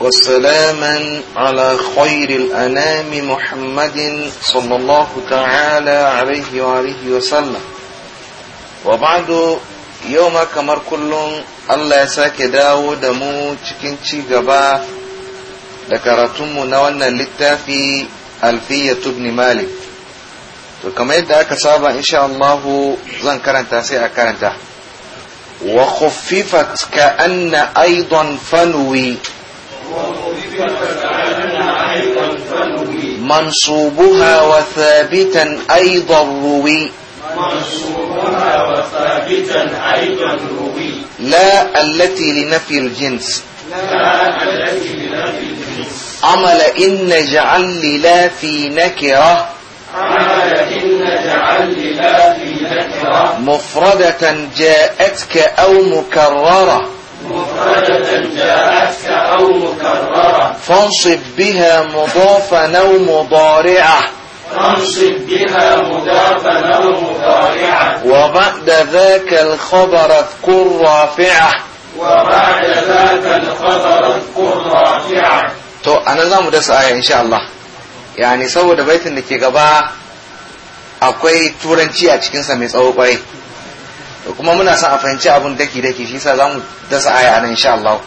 وسلاما على خير الأنام محمد صلى الله تعالى عليه وآله وسلم وبعد يوم كمر كل الله يساك داو دمو تكنشي غبا ذكرتم نوانا للتافي ألفية ابن مالك to يدعى yadda إن شاء الله زن كرنتا سيء كرنتا وخففت كأن أيضا فنوي منصوبها وثابتا أيضا روي منصوبها وثابتا أيضا روي لا التي لنفي الجنس لا التي لنفي الجنس عمل إن في نكرة عمل إن جعل لا في نكرة مفردة جاءتك أو مكررة مفردة جاءتك أو مكررة فانصب بها مضافا أو مضارعة فانصب بها مضافا أو مضارعة وبعد ذاك الخبر اذكر رافعة وبعد ذاك الخبر اذكر رافعة تو أنا anan za mu إن شاء الله يعني yani saboda baitin da ke gaba تورنتي turanci a cikinsa mai tsawo kwarai to kuma muna son a fahimci abin daki daki shi yasa zamu dasa aya nan insha Allah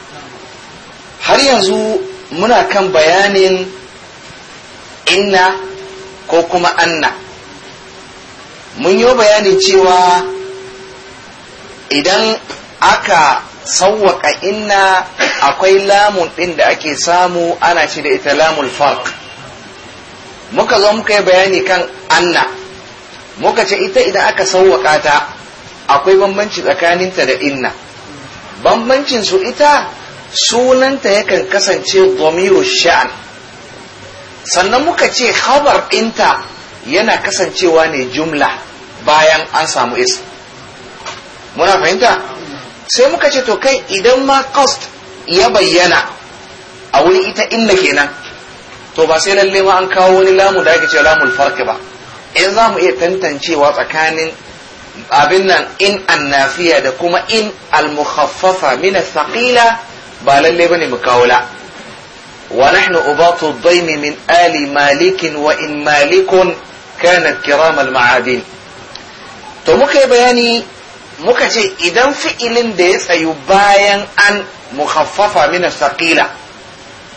har yanzu muna kan bayanin inna ko kuma anna mun yi bayani cewa idan aka sawwaka inna akwai lamun ɗin da ake samu ana ce da ita lamul farq muka zo muka yi bayani kan anna muka ce ita idan aka sawwaka ta akwai bambanci tsakaninta da inna bambancin su ita sunanta yakan kasance domiru sha'an sannan muka ce habar ɗinta yana kasancewa ne jumla bayan an samu is muna fahimta sai muka ce to kai idan ma cost ya bayyana a wuri ita inna kenan to ba sai lalle ma an kawo wani lamu da ake ce lamul farki ba in za mu iya tantancewa tsakanin abin nan in annafiya da kuma in almukhaffafa min thaqila ba lalle bane mu kawo wa nahnu ubatu daim min ali malik wa in malik kana kiram almaadin to muka yi bayani muka ce idan fi'ilin da ya tsayu bayan an mukhaffafa min thaqila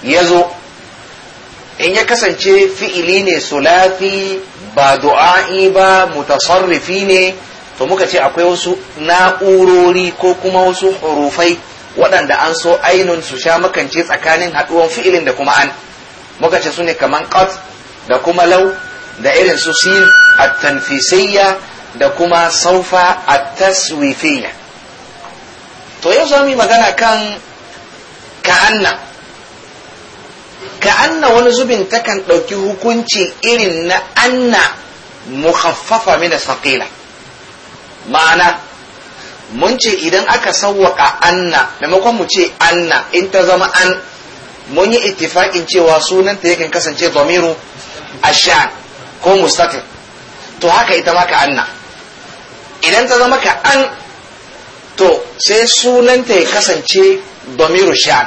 yazo in ya kasance fi'ili ne sulafi ba du'a'i ba mutasarrifi ne to muka ce akwai wasu na'urori ko kuma wasu hurufai waɗanda an so ainun su sha makance tsakanin haɗuwan fi'ilin da kuma an muka ce su ne kaman qat da kuma law da irin su sin at-tanfisiyya da kuma saufa at-taswifiyya to yau za mu magana kan ka'anna ka'anna wani zubin takan ɗauki hukunci irin na anna mukhaffafa min saqila ma'ana mun ce idan aka sawwaka anna maimakon mu ce anna in ta zama an mun yi ittifaqin cewa sunanta yakan kasance domiru asha ko mustatir to haka ita ma ka anna idan ta zama ka an to sai sunanta ya kasance domiru shan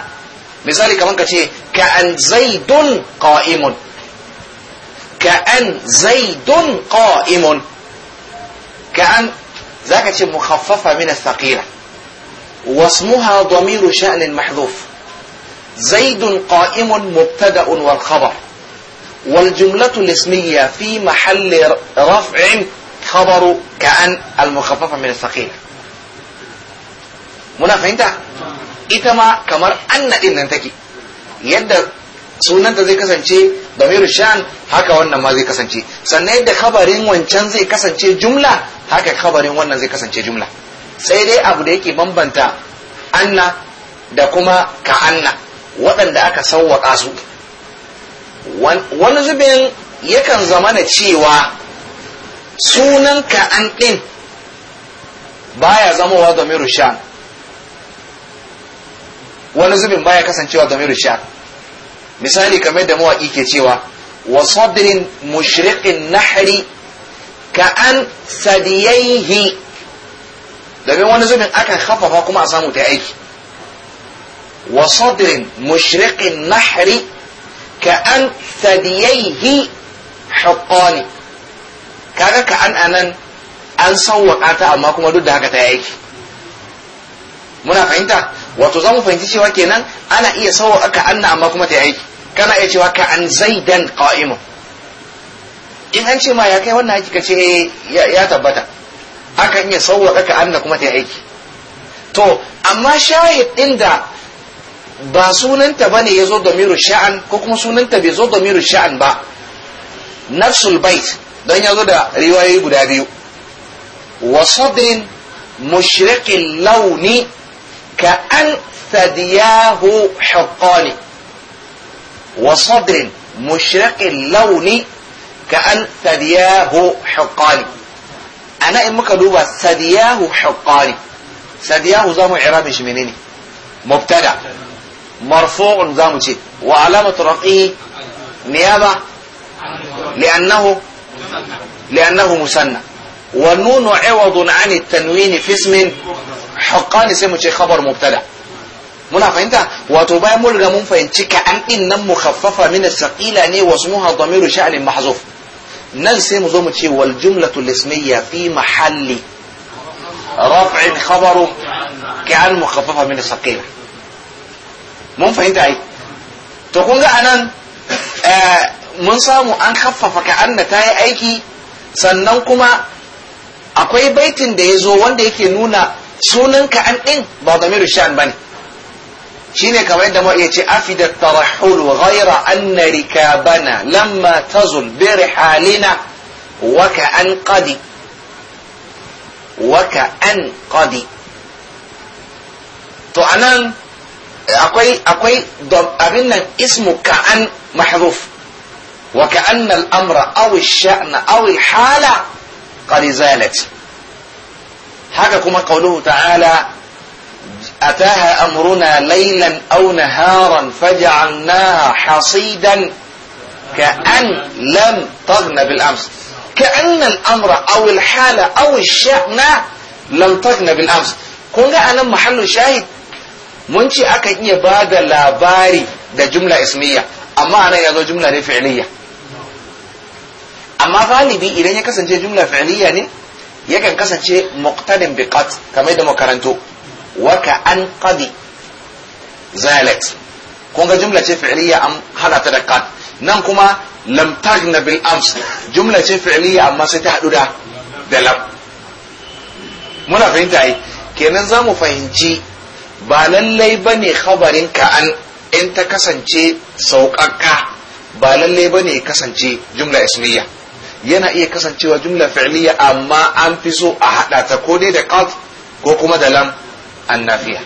misali kamar ka ce ka an zaidun qa'imun ka an zaidun qa'imun ka an ذاك مخففة من الثقيلة واسمها ضمير شأن محذوف زيد قائم مبتدأ والخبر والجملة الاسمية في محل رفع خبر كأن المخففة من الثقيلة muna fahimta إتما كمر أن انتكي din Sunanta zai kasance damiru shan haka wannan ma zai kasance sannan yadda kabarin wancan zai kasance jumla haka kabarin wannan zai kasance jumla sai dai abu da yake bambanta anna da kuma ka anna waɗanda aka sauwaƙa su wani zubin yakan zama na cewa sunan ka an ɗin baya zamowa damiru shan wani zubin baya kasancewa damiru shan misali kamar da mawaƙi ke cewa wa sadrin mushriqin nahri ka an sadiyaihi domin wani zubin aka hafafa kuma a samu ta aiki wa sadrin mushriqin nahri ka an sadiyaihi haqqani kaga ka an anan an sawwaka ta amma kuma duk da haka ta aiki muna fahimta wato za mu fahimci cewa kenan ana iya sawa aka anna amma kuma ta aiki kana iya cewa ka an zaidan qa'imun in an ce ma ya kai wannan aiki ka ce eh, ya tabbata akan iya sauwaka aka anna kuma ta aiki to amma shahid din da ba sunanta bane yazo zo miru sha'an ko kuma sunanta bai zo damiru sha'an ba nafsul bait don yazo da riwayoyi guda biyu wa sadrin mushriqil launi كأن ثدياه حقان وصدر مشرق اللون كأن ثدياه حقان أنا إما كدوبة ثدياه حقان ثدياه زامو إعرابي شمينيني مبتدع مرفوع زامو شيء وعلامة رفعه نيابة لأنه لأنه مسنى ونون عوض عن التنوين في اسم haqqani sai mu ce khabar mubtada muna fahimta wato bayan mun riga mun fahimci ka an din nan mukhaffafa min saqila ne sha'lin mahzuf nan sai mu zo mu ce wal jumlatu fi mahalli raf'in khabaru ka an mukhaffafa min saqila mun fahimta ai to kun ga anan eh, mun samu an khaffafa ka anna ta yi aiki sannan kuma akwai baitin da ya zo wanda yake nuna sunan ka an din ba damiru sha'an bane shine kamar yadda mu iya ce afida tarahul ghayra anna rikabana lamma tazul bi rihalina wa ka an qadi wa ka an qadi to anan akwai akwai abin nan ismu ka an mahruf wa ka anna al-amra aw ash-sha'na aw al-hala qad zalat haka كما قوله تعالى أتاها أمرنا ليلا أو نهارا فجعلناها حصيدا كأن لم تغن بالأمس كأن الأمر أو الحالة أو الشأن لم تغن بالأمس كنا أنا محل شاهد منشي أكا إني لا باري ده جملة اسمية أما أنا يا جملة فعلية أما غالبي إلي كسن جملة فعلية يعني yakan kasance muqtadin biqat kamar da makaranto wa ka an qadi zalat kun ga jumla ce fi'liya am ta da qat nan kuma lam tajna bil ams jumla ce fi'liya amma sai ta hadu da da lam muna fahimta ai kenan za mu fahimci ba lallai bane khabarin ka an in ta kasance sauƙaƙa ba lallai bane kasance jumla ismiyya yana iya kasancewa jumla fi'liya amma an fi so a hada ta ko dai da qad ko kuma da lam annafiya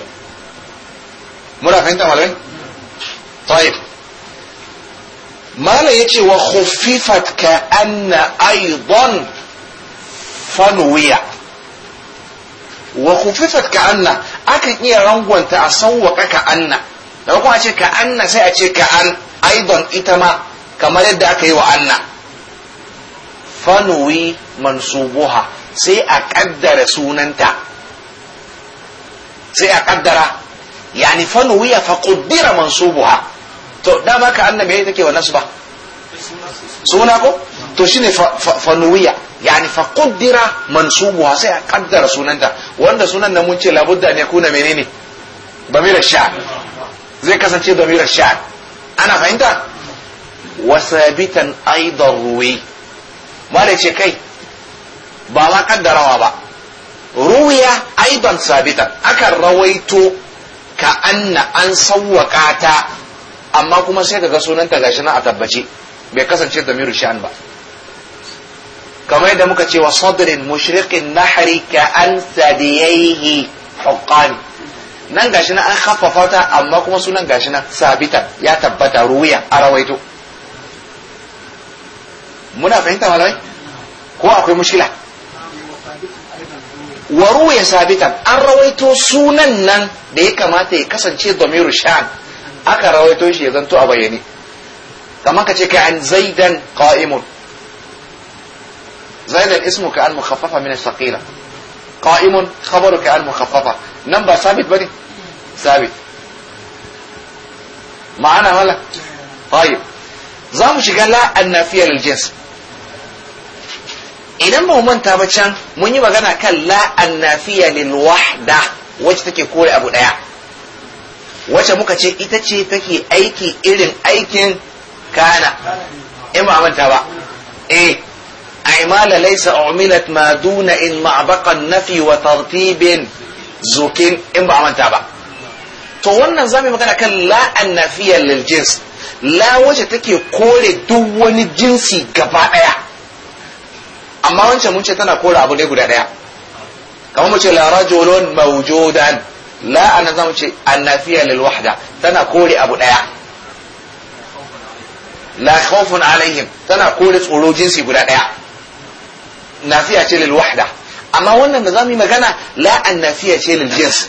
muna fahimta malamai طيب malam ya wa khuffifat ka anna aidan fanuwiya wa khuffifat ka anna akan iya rangwanta a sauwaka ka anna da kuma a ce ka anna sai a ce ka an aidan ita ma kamar yadda aka yi wa anna fanuwi mansubuha sai a kaddara sunanta sai a kaddara yani fanuwi fa qaddara mansubuha to dama ka annabi yayi take wa nasba suna ko to shine fanuwiya yani fa qaddara mansubuha sai a kaddara sunanta wanda sunan nan mun ce labudda ne kuna menene damir sha zai kasance damir sha ana fahimta wasabitan aidan ruwi malai ce kai ba ma kaddarawa ba ruya aiban sabita akan rawaito ka anna an sawwaka ta amma kuma sai kaga sunanta gashi nan a tabbace bai kasance damiru shan ba kamar yadda muka cewa sadrin mushriqin nahri ka an sadiyaihi huqqani nan gashi nan an haffafa ta amma kuma sunan gashi nan sabitan ya tabbata ruya a rawaito muna fahimta malamai ko akwai mushkila waruwa sabitan an rawaito sunan nan da ya kamata ya kasance domiru shan aka rawaito shi ya zanto a bayyane kamar ka ce kai an zaidan qa'imun zaidan ismu ka an mukhaffafa min ash-shaqila qa'imun khabaru ka an mukhaffafa nan ba sabit bane sabit ma'ana wala طيب za mu shiga la annafiyar jins idan ba mu manta ba can mun yi magana kan la annafiya lil wahda wacce take kore abu daya wacce muka ce ita ce take aiki irin aikin kana in ba manta ba eh عمالة ليس أعملت ما دون إن معبق النفي وترتيب زوكين إن بعمل تابع تغنى زامي مكان كان لا النفي للجنس لا وجه تكي كوري دون الجنسي قبائع amma wancan mun ce tana kora abu ne guda daya kamar mu ce la rajulun mawjudan la an zamu ce annafiya lil wahda tana kore abu daya la khawfun alaihim tana kore tsoro jinsi guda daya nafiya ce lil wahda amma wannan da zamu yi magana la annafiya ce lil jins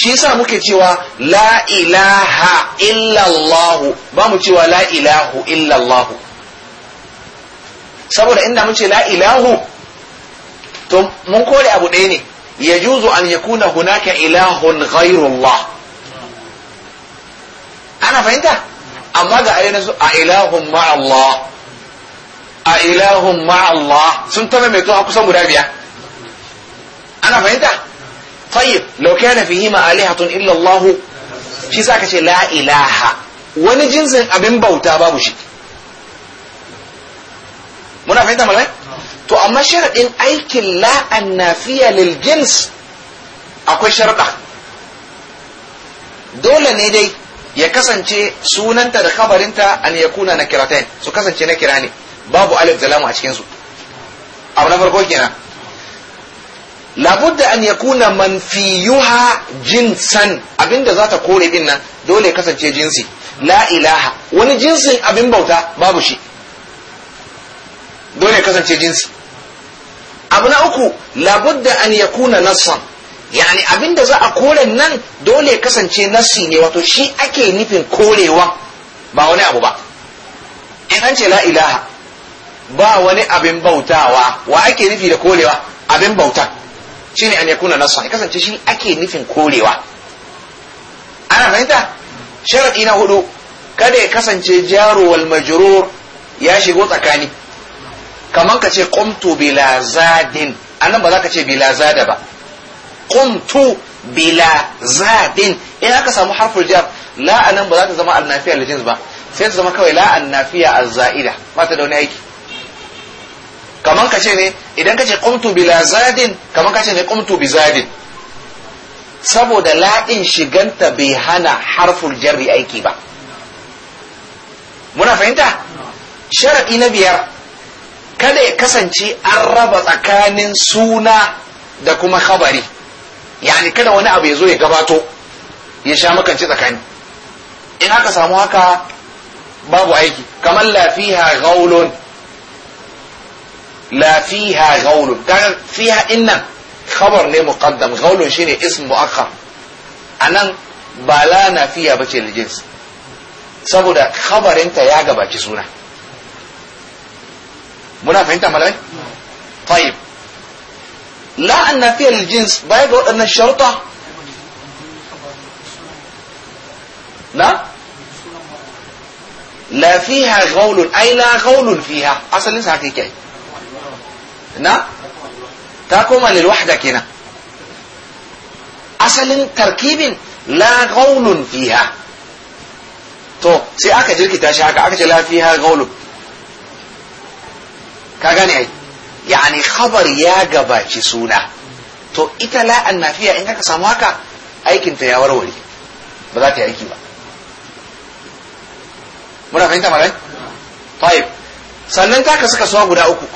shi yasa muke cewa la ilaha illa allah ba mu cewa la ilahu illa allah saboda inda mun ce la ilahu to mun kore abu ɗaya ne ya juzu an yakuna hunaka ilahun ghairullah ana fahimta amma ga ayyana su a ilahun ma'allah a ilahun ma'allah sun taba mai tun kusan guda biya ana fahimta tayyib law kana fihi ma alihatun illa Allah shi zaka ce la ilaha wani jinsin abin bauta babu shi muna fahimta malamai to amma sharaɗin aikin la annafiya lil jins akwai sharaɗa dole ne dai ya kasance sunanta da kabarinta an ya kuna na kiratain su kasance na kira babu alif da lamu a cikinsu abu na farko kenan labudda an ya kuna manfiyuha jinsan abinda za ta kore din nan dole ya kasance jinsi la ilaha wani jinsin abin bauta babu shi dole ya kasance jinsi abu na uku labudda an yakuna nassan yani abinda za a kore nan dole kasance nassi ne wato shi ake nufin korewa ba wani abu ba in an ce la ilaha ba wani abin bautawa wa ake nufi da korewa abin bauta shine an yakuna nassan ya kasance shi ake nufin korewa ana fahimta sharaɗi na hudu kada ya kasance jaro wal ya shigo tsakani kaman ka ce qumtu bila zadin anan ba za ka ce bila zada ba qumtu bila zadin in aka samu harful jar la anan ba za ta zama annafiya da jins ba sai ta zama kawai la annafiya azzaida ba ta da wani aiki kaman ka ce ne idan ka ce qumtu bila zadin kaman ka ce ne ƙumtu bi zadin saboda la'in shiganta bai hana harful jarri aiki ba muna fahimta sharaɗi na biyar kada ya kasance an raba tsakanin suna da kuma khabari yani kada wani abu ya zo ya gabato ya sha makance tsakani in aka samu haka babu aiki kamar lafiha gaulun lafiha gaulun kaga fiha innan khabar ne muqaddam gaulun shine ism muakhar anan ba la nafiya bace lijins saboda khabarinta ya gabaci suna منافعين تعمل ايه طيب لا ان في الجنس بايد ان الشرطة لا لا فيها غول اي لا غول فيها اصل الانسان هكي كي لا تاكما للوحدة كنا اصل تركيب لا غول فيها تو سي اكا جلك تاشي اكا لا فيها غول ka gane ai yani khabar ya gabaci suna to ita la annafiya in aka samu haka aikin ta ya warware ba za ta yi aiki ba muna fahimta malai tayyib sannan ta suka kasuwa guda uku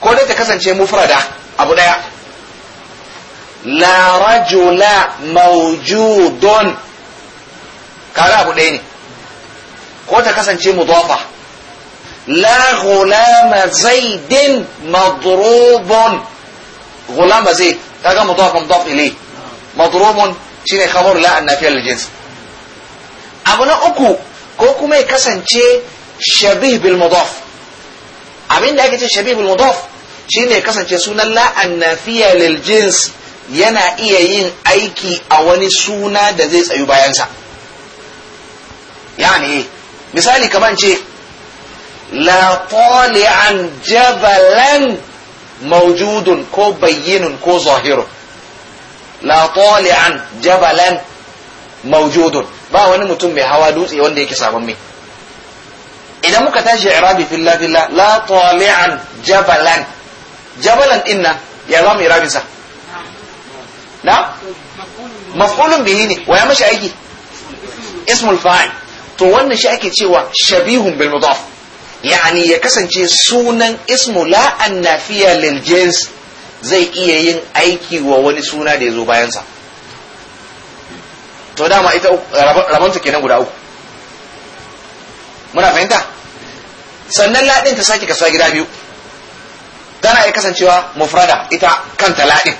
ko dai ta kasance mufrada abu daya la rajula mawjudun kaga abu daya ne ko ta kasance mudafa la gulama zaidin madrubun gulama zaid kaga mudaf mudaf ilayh madrubun shine khabar la annafiya lil jins abu na uku ko kuma ya kasance shabih bil mudaf abinda ake ce shabih bil shine ya kasance sunan la yana iya yin aiki a wani suna da zai tsayu bayansa yani misali kamar ce la jabalan mawjudun ko bayyinun ko zahiru. la jabalan mawjudun ba wani mutum mai hawa dutse wanda yake sabon mai idan muka tashi irabi filla filla la tali'an jabalan jabalan inna ya zama irabin sa na maf'ulun bihi ne wa ya mashi aiki ismul fa'il to wannan shi ake cewa shabihun bil mudaf yani ya kasance sunan ismu la'an annafiya lil jins zai iya yin aiki wa wani suna da ya zo bayansa to dama ita rabonta kenan guda uku muna fahimta sannan laɗin ta sake kasuwa gida biyu tana iya kasancewa mufrada ita kanta laɗin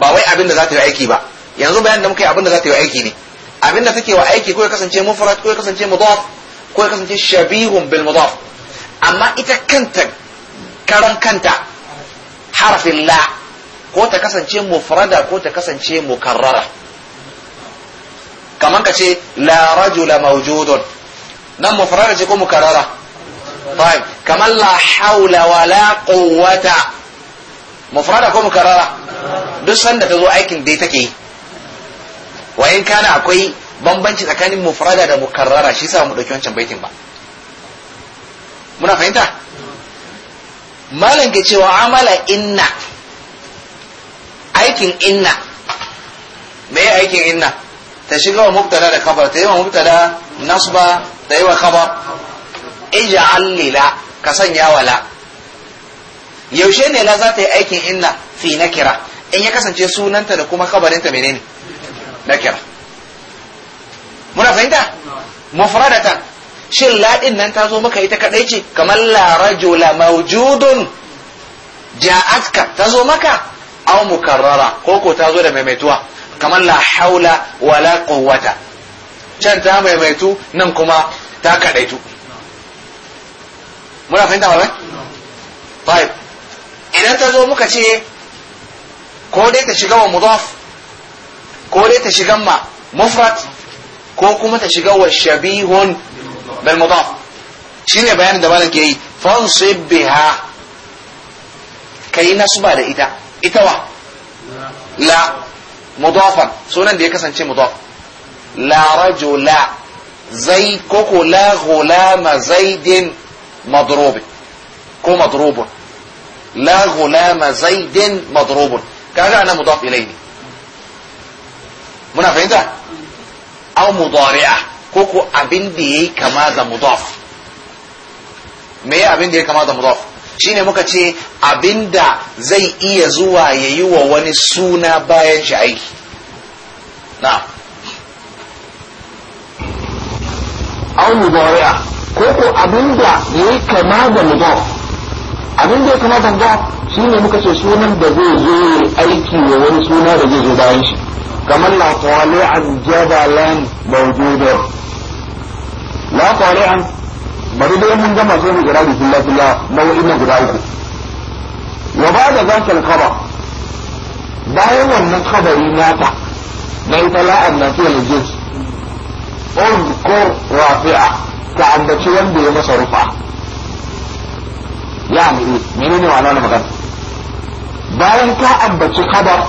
ba wai abin da za ta yi aiki ba yanzu bayan da muka yi abin da za ta yi aiki ne abin da take wa aiki ko ya kasance mufrad ko ya kasance mudaf ko ya kasance shabihun bil mudaf amma ita kanta karan kanta harfin la ko ta kasance mufrada ko ta kasance mukarrara kaman ka ce la rajula mawjudun nan mufrada ce ko mukarrara طيب كمان لا حول ولا قوة مفردة كو مكررة duk sanda ta zo aikin dai take wa in akwai bambanci tsakanin mufrada da mukarrara shi yasa mu dauki wancan baitin ba muna fahimta malam cewa amala inna aikin inna me aikin inna ta shiga wa mubtada da khabar ta yi wa mubtada nasba ta yi wa kabar lila ka sanya wala yaushe ne la za ta yi aikin inna fi nakira in ya kasance sunanta da kuma kabarinta menene nakira muna fahimta mufradatan shin ladin nan ta zo maka ita kadai ce kamar la rajula mawjudun ja'atka ta zo maka aw mukarrara ko ko ta zo da maimaituwa kamar la haula wala quwwata can ta maimaitu nan kuma ta kadaitu muna fahimta ba طيب idan ta zo muka ce ko dai ta shiga wa mudaf ko dai ta shiga ma mufrad ko kuma ta shiga wa shabihun bil mudaf shine bayanin da malam ke yi fansib biha kai nasba da ita ita wa la mudafan sunan da ya kasance mudaf la rajula zai koko la ghulama zaidin madrub ko madrubun la ghulama zaidin madrubun kaga ana mudaf ilayhi muna fahimta aw mudari'a ko ko abin da yayi kama da mudaf me abin da yayi kama da mudaf shine muka ce abin da zai iya zuwa yayi wa wani suna bayan shi aiki na aw mudari'a ko ko abin da yayi kama da mudaf abin da yayi kama da mudaf shine muka ce sunan da zai zo aiki wa wani suna da zai zo bayan shi كما طالعا جبلا موجودا لا طالعا bari dai mun gama sai mu jira bikin lafiya nau'in na guda uku wa ba da zakal kaba bayan wannan kabari nata na ita la'an na fiye da jins uzkur rafi'a ka ambaci wanda ya masa rufa ya ne menene wannan magana bayan ka ambaci kabar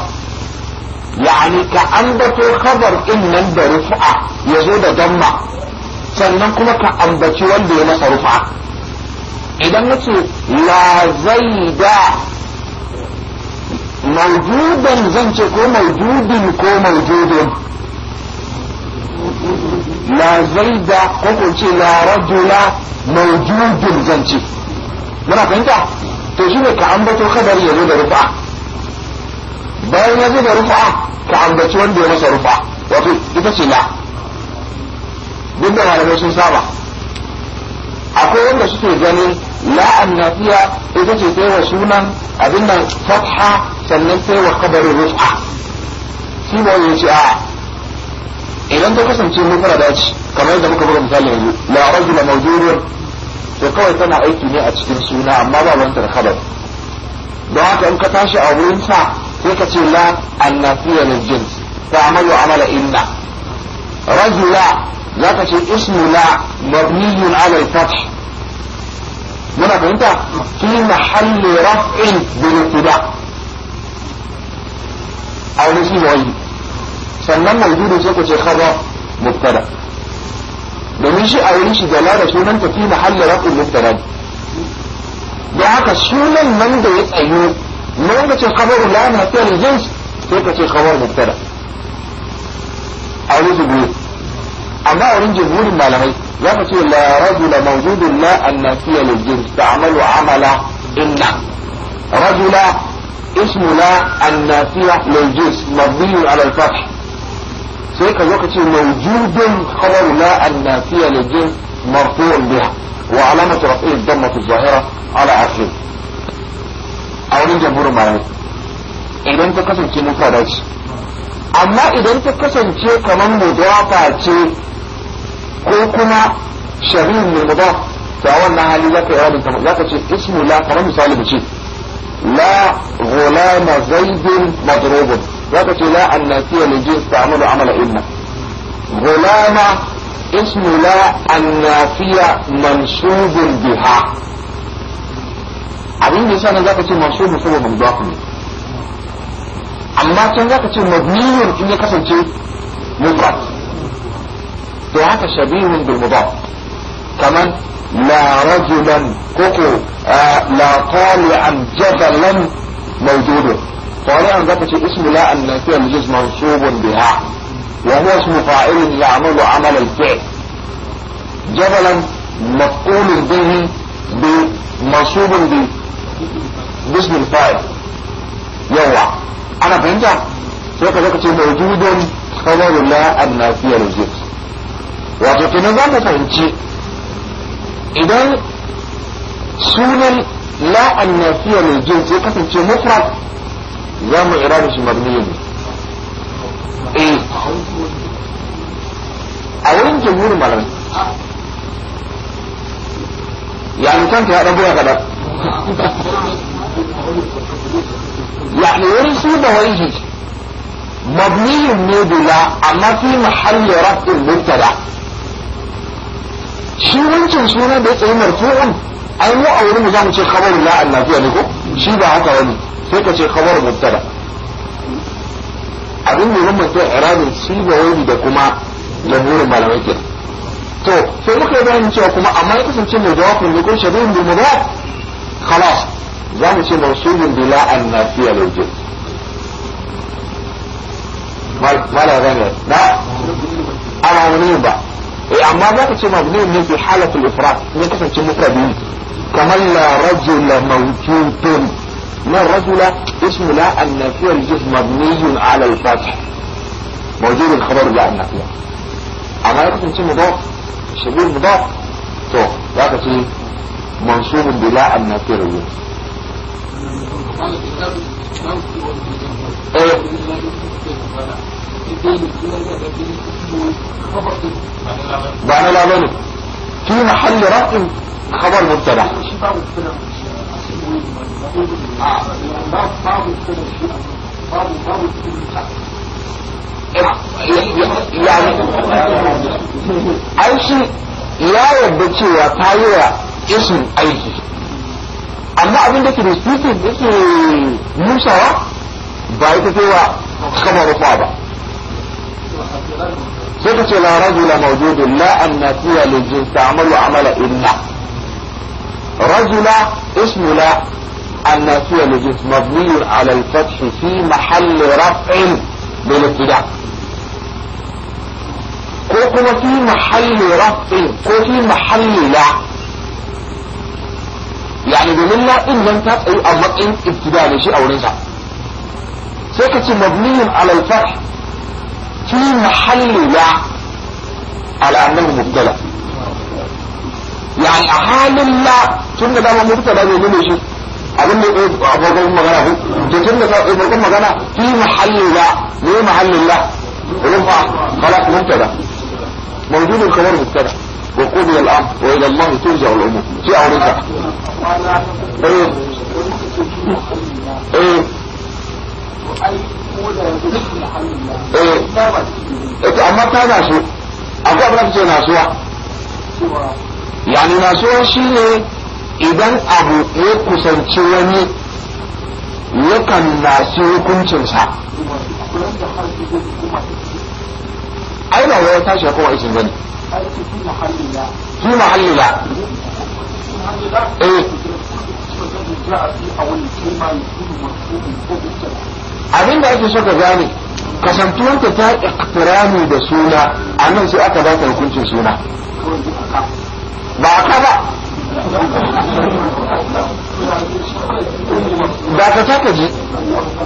yani ka ambato khabar din nan da rufa ya zo da damma sannan kuma ka ambaci wanda ya masa rufa idan nace la zaida maujudan zan ce ko maujudin ko maujudin la zaida ko ko ce la rajula maujudin zan ce muna fahimta to shine ka ambato khabar ya zo da rufa bayan ya zuba rufa ka ambaci wanda ya masa rufa wato ita ce la duk da malamai sun saba akwai wanda suke ganin la'an nafiya ita ce sai wa sunan abin nan fatha sannan sai wa kabarin rufa shi ba ya ce a idan ta kasance mufara da kamar yadda muka buga misali yanzu la rajul mawjurun to kawai tana aiki ne a cikin suna amma ba wanta da kabar don haka in ka tashi a wurin sa يكتي لا أن في الجنس فعمل عمل إن رجل يكتي اسم لا مبني على الفتح من أنت في محل رفع بالابتداء أو نسي مؤيد سنن موجود سيكتي خبر مبتدا بمشي أو نشي جلالة سنن في محل رفع مبتدا بعد سنن من ده يتأيوه لغة الخبر اللي عامل فيها الجنس فكرة الخبر مبتدا أو ليه أما أرين جمهور المعلمين لفظ لا رجل موجود لا فيها للجنس تعمل عمل إن رجل اسم لا فيها للجنس مبني على الفتح سيك الوقت موجود خبر لا فيها للجنس مرفوع بها وعلامة رفعه الضمة الظاهرة على عرشه a wurin jamhurin malamai idan ta kasance mufrada dace amma idan ta kasance kamar mudafa ce ko kuma shari'in mai mudaf ta a wannan hali za ka yi rabin kamar za ka ce ismu la kamar misali mu ce la ghulama zaidin madrubun za ka ce la annasiya li jins ta'malu amala inna ghulama ismu la annasiya mansubun biha abin da yasa nan zaka ce mansubun saboda mudafun ne amma can zaka ce mabniyun in ya kasance mufrad to haka shabihun bil mudaf kaman la rajulan koko la tali'an jabalan mawjudun طالعا ذاك اسم لا النافية لجز منصوب بها وهو اسم فاعل يعمل عمل الفعل جبلا مفعول به منصوب به bismil fa'il yawa ana fahimta sai ka zaka ce mawjudun khabaru la annafiya lujud wato kenan za mu fahimci idan sunan la annafiya lujud sai kasance mufrad za mu irada shi ne eh a wurin jumhurin malam ya mutunta ya dan buga kadan يعني ورثوا بوائجه مبني النبلة أما في محل ربط المبتدا shi wancan suna da ya tsaye marfu'un ai mu a wurin za mu ce khabar la annafiya ne ko shi ba haka wani sai ka ce khabar mubtada abin da zan mutum irabin siba wani da kuma jamhurin malamai ke to sai muka yi bayanin cewa kuma amma ya kasance mai jawabin ne ko shabihin bil mudaf خلاص يمشي موصول بلا النافية للجنس ولا غنية لا أنا منين بقى يعني أما ما كنت مبني من في حالة الإفراد ما كنت مفردين كما لا رجل موجود تم ما الرجل اسم لا النافية للجنس مبني على الفتح موجود الخبر طيب، لا النافية أما يكتب مضاف شبيه مضاف تو لا كتير منصوب بلا النكرية ايه بعد لا في محل رفع خبر مبتدع يعني أي شيء لا يبدو شيء ta ishin aiki amma abin da ke da titin da ke musawa ba ita ce wa kamar rufa ba sai ka ce la rajula mawjudun la an nasiya lil jins ta'malu amala inna rajula ismu la an nasiya lil jins mabniy ala al fath fi mahall raf'in bil ibtida ko kuma fi mahalli raf'in ko fi mahalli la yani domin na din nan ta tsayi a matsayin ibtida ne shi a wurinsa sai ka ce mabniyun alal fath fi mahalli la ala annahu mubtala yani a halin la tun da dama mubtala ne ne shi abin da ya abokan magana ku da tun da abokan magana fi mahalli la ne mahallin la rufa kala mubtala mawjudul khabar mubtala وقضي الامر والى الله ترجع الامور في اوريك ايه ايه eh amma ta naso akwai abin da ce nasuwa yani nasuwa shine idan abu ya kusanci wani yakan nasi hukuncinsa ai ba wai tashi kowa isin gani في محل لا ايه abin da ake shaka gane kasantuwanta ta iktirani da suna a nan sai aka ba ta hukuncin suna ba ka ba ba ka ta ka ji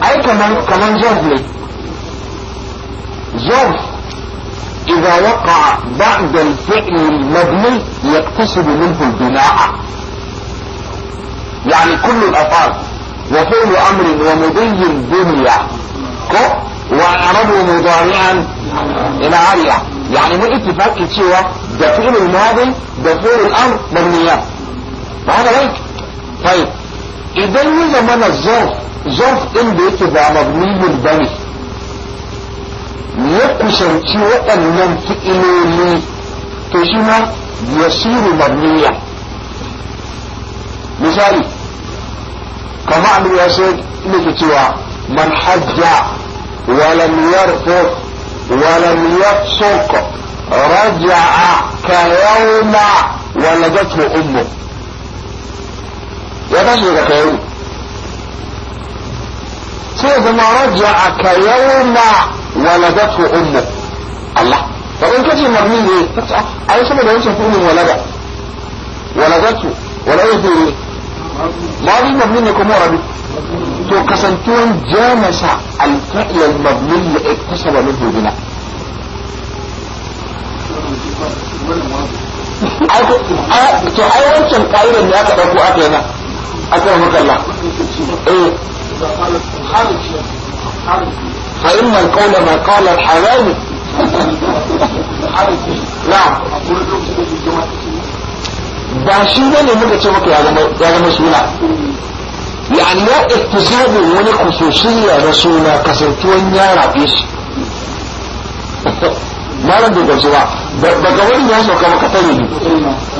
ai kaman kaman job ne إذا وقع بعد الفعل المبني يكتسب منه البناء يعني كل الأفعال وفعل أمر ومضي كو واعرب مضارعا إلى عليا يعني من اتفاق سوى ده فعل الماضي ده فعل الأمر مبنيا معنى هيك طيب إذا إذا من الظرف ظرف إن بيتبع مبني بني ya kusanci waɗannan fi'iloli to shi ma yasiru mabniya misali kama amir ya sai nake cewa man hajja walam yarfuq walam yafsuq raja'a ka yawma waladatu ummu ya tashi daga kayaru sai zama raja'a ka yawma waladathu ummu Allah to in kace marmi ne ai saboda wancan fi'lin walada waladathu waladatu madi marmi ne kuma rabi to kasantuwan jamasa al-fi'l al-mabni li iktasaba lahu bina to ka'idar ne aka dauko aka yana aka فإن القول ما قال الحلال نعم ba shi ne muka ce maka ya zama suna yani ya iktisabi wani kususiyya na suna kasantuwan ya rabe shi malam bai gamsu ba daga wani ya sauka maka ta yi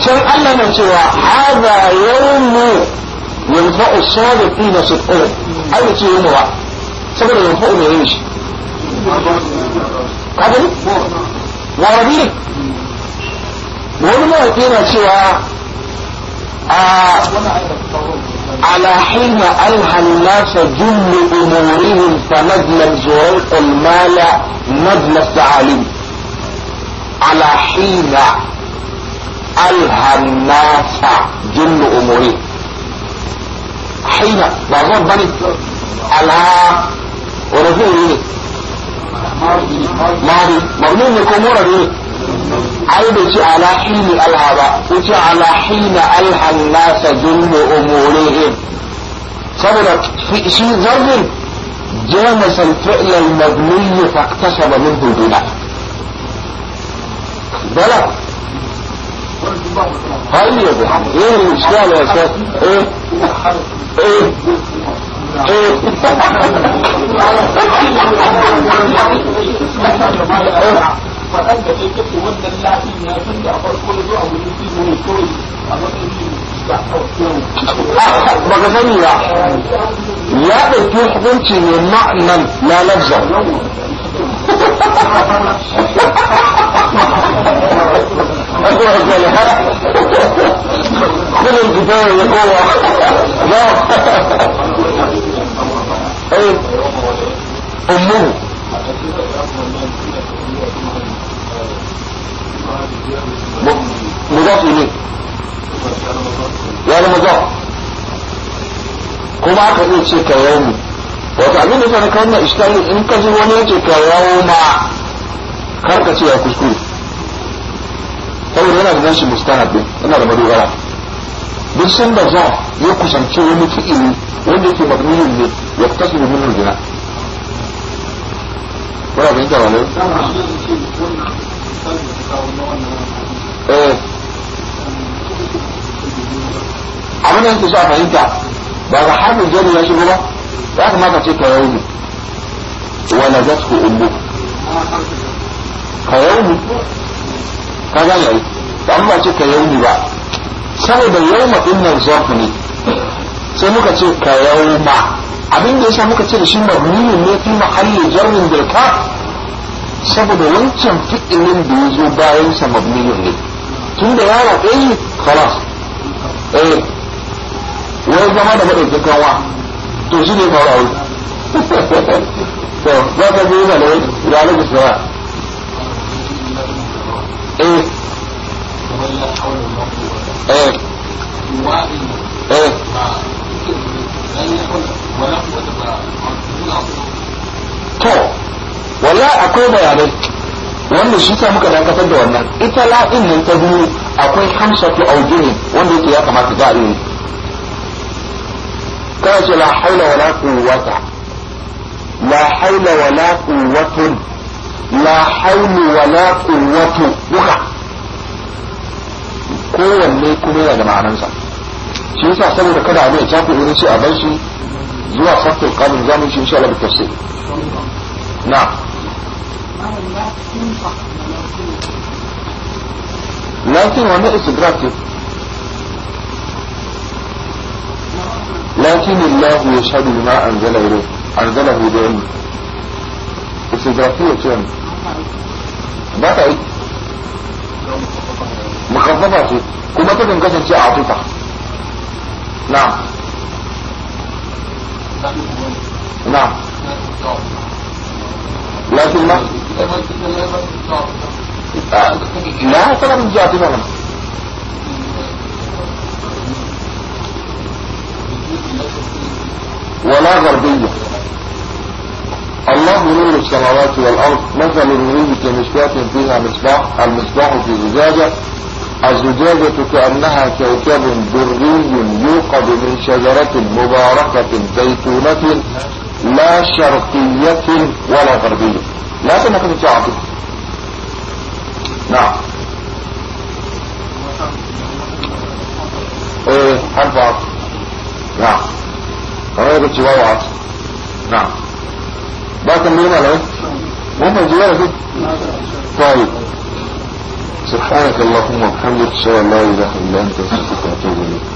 can Allah na cewa hada yawmu yanfa'u sadiqina sidqu ai ce yi ba صدر من فوق ما يمشي عدل وعربي والله فينا سوى آه، على حين ألهى الناس جل أمورهم فنجلت زريق المال نجل الثعالب على حين ألهى الناس جل أمورهم حين بعضهم بني ألهى ونازلين ايه ماضي مضمون الكمورة دي ai bai على حين hini وتي على حين ala الناس alhan nasa dullu في شيء ظلم جامس الفعل المبني فاقتصب منه البناء بلى طيب ايه المشكلة يا شيخ ايه ايه faɗan da ya da sani ba ya ɗauki hukunci ne ma'anan na lafzan كل البداية يقوى لا أمه مضاف إليه يعني مضاف كما أكبر شيء كيومي wata abin da sana kawai ishtari in ka ji wani yace ka yawo ma kar ka ce ya kuskure saboda yana da ganshi mustahab din yana da madogara duk da za ya kusance wani fi'ili wanda yake mabniyin ne ya tasu da minhu jina wala bin ta wala abin da yake fahimta ba ga harin jami'a ya shigo ba ya kamata ce ka yau wala za su ummu ka yau ka an ba ce ka yau ba saboda yau ma din nan ne sai muka ce ka yau ma abin da yasa muka ce da shi mabni ne fi mahalli jarrin dalka saboda wancan fi'ilin da ya zo bayan sa mabni ne tun da yawa ɗaya ne khalas eh wai zama da madaukakan wa to shi ne faru a to za ka je yana da wani ranar isra eh eh eh to wala akwai bayanai wanda shi sa muka dakatar da wannan ita la'in nan ta biyu akwai hamsatu aujuhin wanda yake ya kamata za a yi sai ce la haula wala quwwata la haula wala quwwatun la duka kowanne kuma yana da ma'anansa shi yasa saboda kada abu ya tafi wurin sai a bar shi zuwa sabtul qadir zamu shi insha Allah bi tafsir na lakin wannan is لكن الله يشهد بما أنزل إليه أنزله بعلم استدراكية بقى ايه مخففة ce kuma ta kan kasance a نعم na na lakin لا طبعا من تماما ولا غربية الله نور السماوات والأرض مثل النور كمشكاة فيها مصباح المصباح في زجاجة الزجاجة كأنها كوكب دري يوقد من شجرة مباركة زيتونة لا شرقية ولا غربية لكنك تعطي نعم ايه حرف عطف نعم قرار الجوار وعطف نعم باكم مين على ايه مهم الجوار كده طيب سبحانك اللهم وبحمدك اشهد ان لا اله الا انت استغفرك واتوب اليك